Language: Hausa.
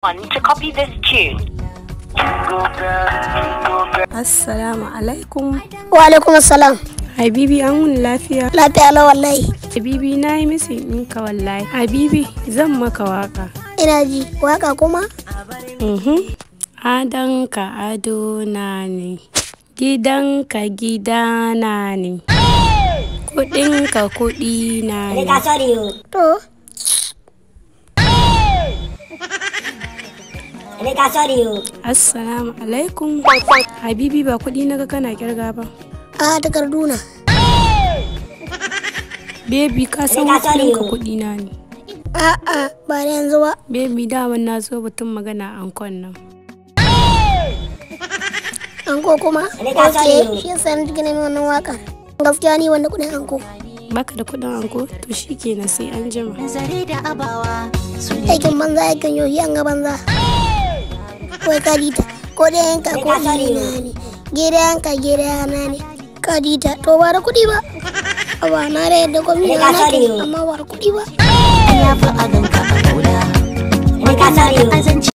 to copy this tune. Assalamu alaikum. Wa alaikum assalam. Habibi an wuni lafiya. Lafiya la wallahi. Habibi na yi misi ninka wallahi. Habibi zan maka waka. Ina ji waka kuma? Mhm. Adanka ado na ne. Gidanka gida na ne. Kuɗinka kuɗi na ne. To. Hello, ka sorry Assalamu alaikum. Habibi ba kuɗi na ga kana kirga ba. A takarduna. Baby ka san wasu ka kuɗi na ne. A'a ba da yanzu ba. Baby daman na zo batun magana ankon nan. Anko kuma? Ok, shi yasa na gina mai wannan waka. Gaskiya ni wanda kuɗin anko. Baka da kuɗin anko? To shi kenan sai an jima. Aikin banza aikin yi an ga banza. wai kadita ko da yanka ko irina ne gida yanka gida yana ne kadita to ba da kuɗi ba ba na da yadda gwamnati ana amma ba da kuɗi ba. Ya faɗa ganka a